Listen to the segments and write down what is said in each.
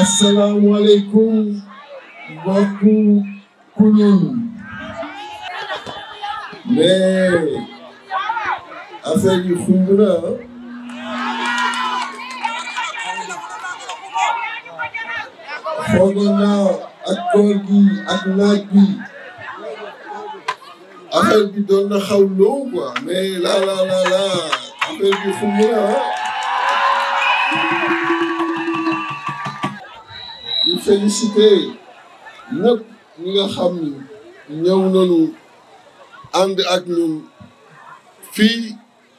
asalaamualeykum mbokku Kunun mais affaire yi xumb na foog naa ak koor naaj bi affaire bi doon na xaw loo quoi mais la la la la affaire bi xum na ah. di félicité ñëpp nga xam ni ñëw nañu ànd ak ñun fii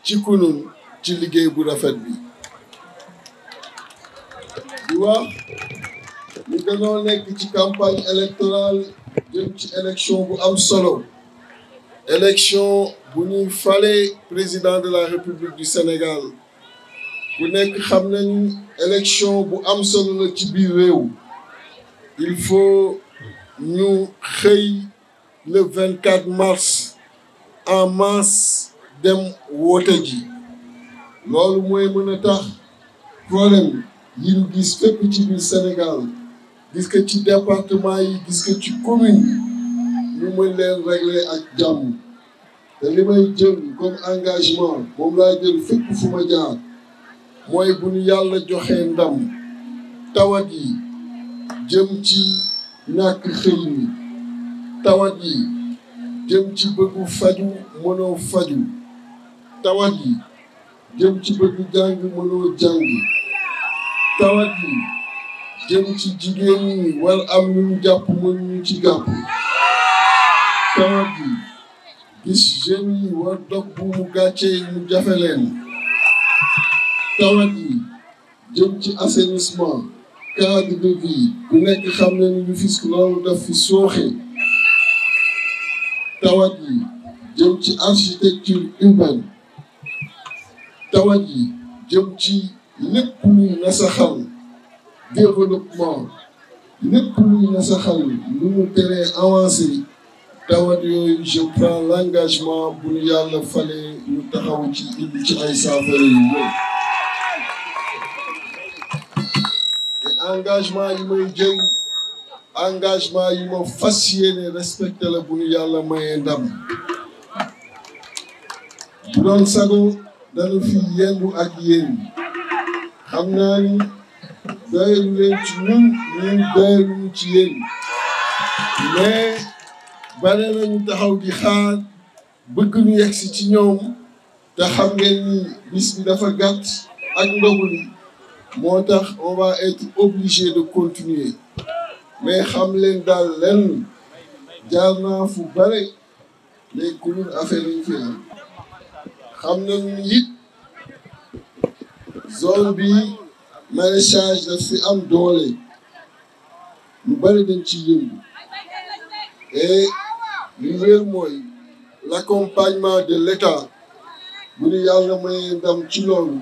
ci kunun ci liggéey bu rafet bi di wax ñu gënoo nekk ci campagne électorale jëm ci élection bu am solo élection bu ñuy fale président de la république du Sénégal ku nekk xam nañu élection bu am solo la ci biir réew il faut ñu xëy le 24 mars en masse dem woote ji loolu mooy mën a tax problème yi gis fépp ci biir Sénégal gis ci département yi gis ko ci commune ñu mën leen régler ak jàmm te li may jël comme engagement moom laa jël fépp fu ma jaar mooy bu ñu yàlla joxe ndam tawat yi jëm ci ñàkk xëy mi tawat yi jëm ci bëggu faju mënoo faju tawat yi jëm ci bëggu jàng mënoo jàng tawat yi jëm ci jigéen ñi war am ñu jàpp mënuñu ci jàpp tawat ji gis jeunes yi war dog buumu gàcce yi ñu jafe leen yi jëm ci assainissement cadre de vie ku nekk xam ne ni Rufisque loolu daf fi sooxe tawat yi jëm ci architecture urbaine tawat yi jëm ci lépp luy nasaxal développement lépp luy nasaxal lu mu teree avancé tawat yooyu je l'engagement bu ñu yàlla fale ñu taxaw ci indi ci ay saafara yu engagement yi may jël engagement yi ma fas yéene respecté la bu ñu yàlla mayee ndam bu doon sago dañu fi yendu ak yéen xam naa ni doylu ci ñun ñun doyluñu ci yéen mais bare nañu taxaw gi xaar bëgg ñu yegsi ci ñoom te xam ngeen ni bis bi dafa gàtt ak ndogu li moo tax on va être obligé de continuer mais xam leen daal lenn jaar naa fu bare les couleurs affaire yi fi am xam nañu it zone bi maraîchage daf si am doole lu bare dañ ci yëngu li wéer mooy l'accompagnement de l'État bu ni yàlla mayee ndam ci loolu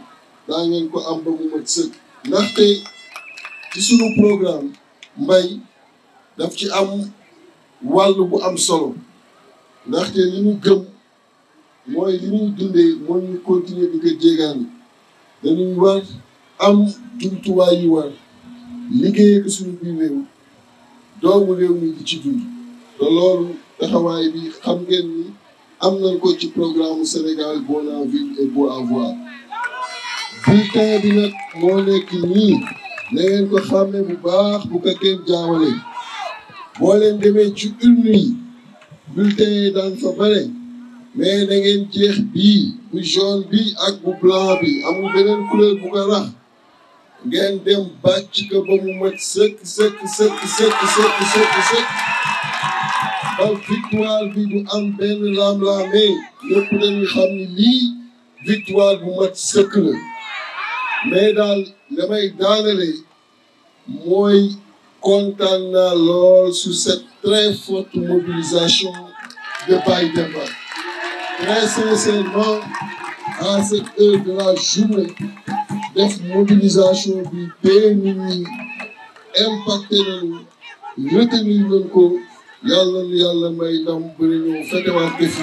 daa ngeen ko am ba mu mat sëkk ndaxte ci sunu programme mbay daf ci am wàll bu am solo ndaxte li ñu gëm mooy li ñuy dundee moo ñu continuer di ko jéegaani dañuy war am jumtuwaay yu war liggéeyee ko suñu biir réew doomu réew mi di ci dund te loolu taxawaay bi xam ngeen ni am nañ ko ci programme Sénégal Bon en Ville et Beau à Voir bi nag moo nekk nii nangeen ngeen ko xàmme bu baax bu ko kenn jaawale boo leen demee ci urne yi bulletin daan fa bare mais da ngeen jeex bii bu jaune bi ak bu blanc bi amul beneen couleur bu ko rax ngeen dem bàcc ko ba mu mat sëkk sëkk sëkk sëkk sëkk sëkk ak victoire bi du am benn laam-laame ñëpp bu mat sëkk la mais daal la may daanale mooy kontaan sur cette très forte mobilisation de Baye très sincèrement à cette heure de la journée def mobilisation bi bee nit ñi impacté nañu retenir nañ yàlla nu yàlla may ndam bu ñu ñëw fetewaat ko fi